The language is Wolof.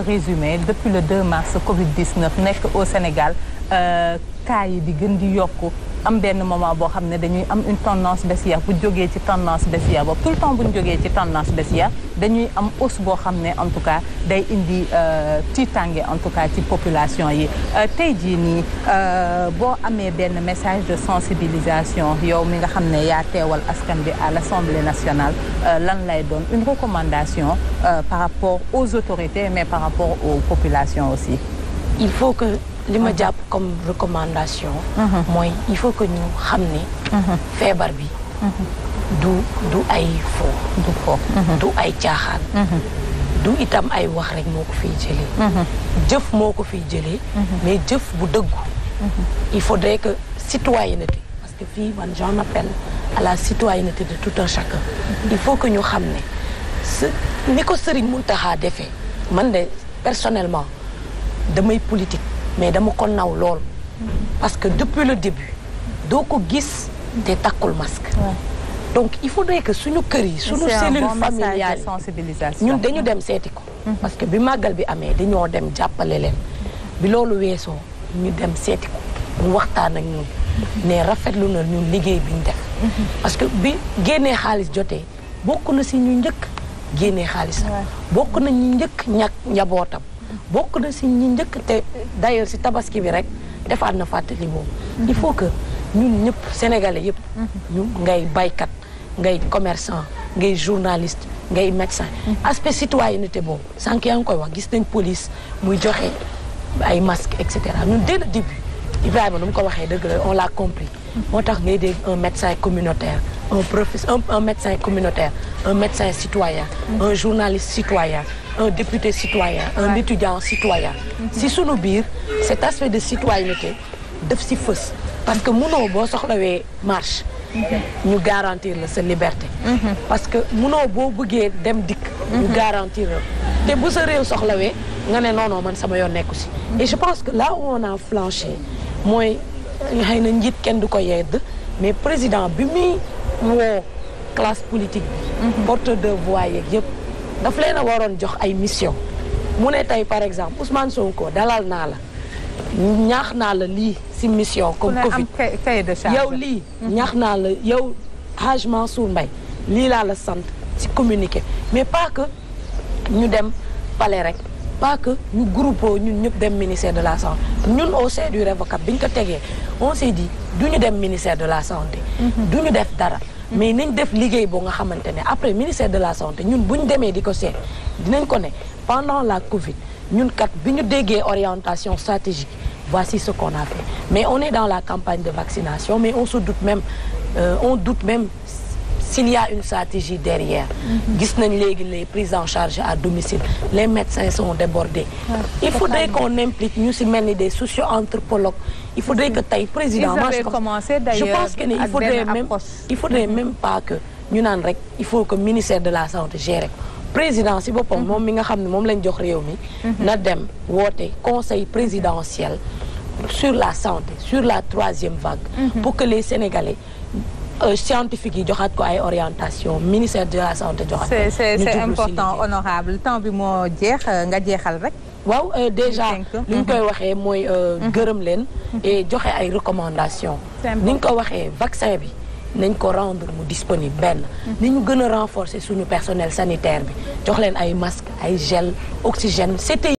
résumé depuis le 2 mars Covid 19 nekk au Sénégal euh, cas yi di gën di yokku am benn moment boo xam ne dañuy am une tendance baissière bu jógee ci tendance baissière boobu tout le temps bu ñu jógee ci tendance baissière dañuy am hausse boo xam ne en tout cas day indi tii euh, tiitange en tout cas ci population yi euh, tey jii nii euh, boo amee benn message de sensibilisation yow mi nga xam ne yaa teewal askan bi à l'Assemblée nationale lan lay doon une recommandation par rapport aux autorités mais par rapport aux populations aussi li ma jàpp comme recommandation. Mhm. mooy il faut que ñu xam ne. Mhm. feebar bi. Mhm. du du ay fo. du ay caaxaan. du itam ay wax rek moo ko fiy jëlee. jëf moo ko fiy jële mais jëf bu dëggu. il faudrait que citoyenneté parce que fii man j'en appelle à la citoyenneté de tout un chacun. il faut que ñu xam ne ni ko Serigne Mountakha defee man de personnellement damay politique. mais dama ko naw lool parce que depuis le début doo ko gis te takkul masque donc il faut nekk suñu kër yi suñu cellule familiale ñun dañu dem seeti ko mhm. parce que bi màggal bi amee dañoo dem jàppale leen bi loolu weesoo ñu dem seeti ko mu waxtaan ak ñun ne rafetlu na ñun liggéey bi ñu def mhm. parce que bi génnee xaalis jotee bokk na si ñu njëkk génnee xaalisam bokk na ñu njëkk ñàkk njabootam bokk na si ñi njëkk te d'ailleurs si tabaski bi rek defaat na fàttali boobu. Mhm. il faut que ñun ñëpp sénégalais yëpp. ñu ngay baykat ngay commercant ngay journaliste ngay médecin. Mhm. aspect citoyenneté boobu sànq yaa ngi koy wax gis nañ police muy joxe ay masques et cetera ñun dès le début Ibrahima nu mu ko waxee dëgg la on l'a compris. Mhm. moo tax ngay dégg un médecin communautaire un professeur un médecin communautaire un médecin citoyen un journaliste citoyen un député citoyen un étudiant citoyen mhm. si sunu biir cet aspect de citoyenneté def si fës parce que mënoo boo soxlawee marche mhm. ñu garantir la sa liberté mhm. parce que mënoo boo bëggee dem dikk ñu garantir la te bu sa réew soxlawee nga ne non non man sama yoon nekku si je pense que là où on mooy xëy na njiit kenn du ko yedd mais président bi muy woo classe politique bi porte de voix yeeg yëpp daf leen a waroon jox ay mission mu ne tey par exemple Ousmane ko dalal naa la ñaax naa la lii si mission comme Covid yow lii mhm. ñaax naa la yow Haj Mansour Mbaye lii laa la sant ci communiqué mais pas que ñu dem palais rek pas que ñu groupe ñun ñëpp dem ministère de la santé ñun au sein du révocable bi ñu ko tegee on s'est du ñu dem ministère de la santé mhm. du ñu def dara mais nañ def liggéey boo nga xamante ne après ministère de la santé ñun bu ñu demee di ko seet dinañ ko ne pendant la Covid ñun kat bi ñu déggee orientation stratégique voici ce qu'on a fait mais on est dans la campagne de vaccination mais on se doute même euh, on doute même s'il y a une stratégie derrière mhm. gis nañ léegi les prises en charge à domicile les médecins sont débordés il faudrait qu'on implique ñu si mel ni des socio-anthropologues il faudrait que tey président moi je pense que ne il faudrait même il faudrait mhm. même pas que ñu naan rek il faut que ministère de la santé gère président si boppam mhm. moom mi nga xam ne moom lañ jox réew mi na dem woote conseil présidentiel sur la santé sur la troisième vague pour que les Sénégalais Euh, scientifique yi joxaat ko ay orientation ministère de la santé joxaat ko c'est important honorable temps bi moo jeex euh, nga jeexal rek waaw euh, déjà li ñu koy mm-hmm. waxee mooy mm-hmm. gërëm leen mm-hmm. et joxe ay recommandation ni ñu ko waxee vaccin bi nañ ko rendre mu disponible benn ni ñu gën a renforcer suñu personnel sanitaire bi jox leen ay masque ay gel oxygène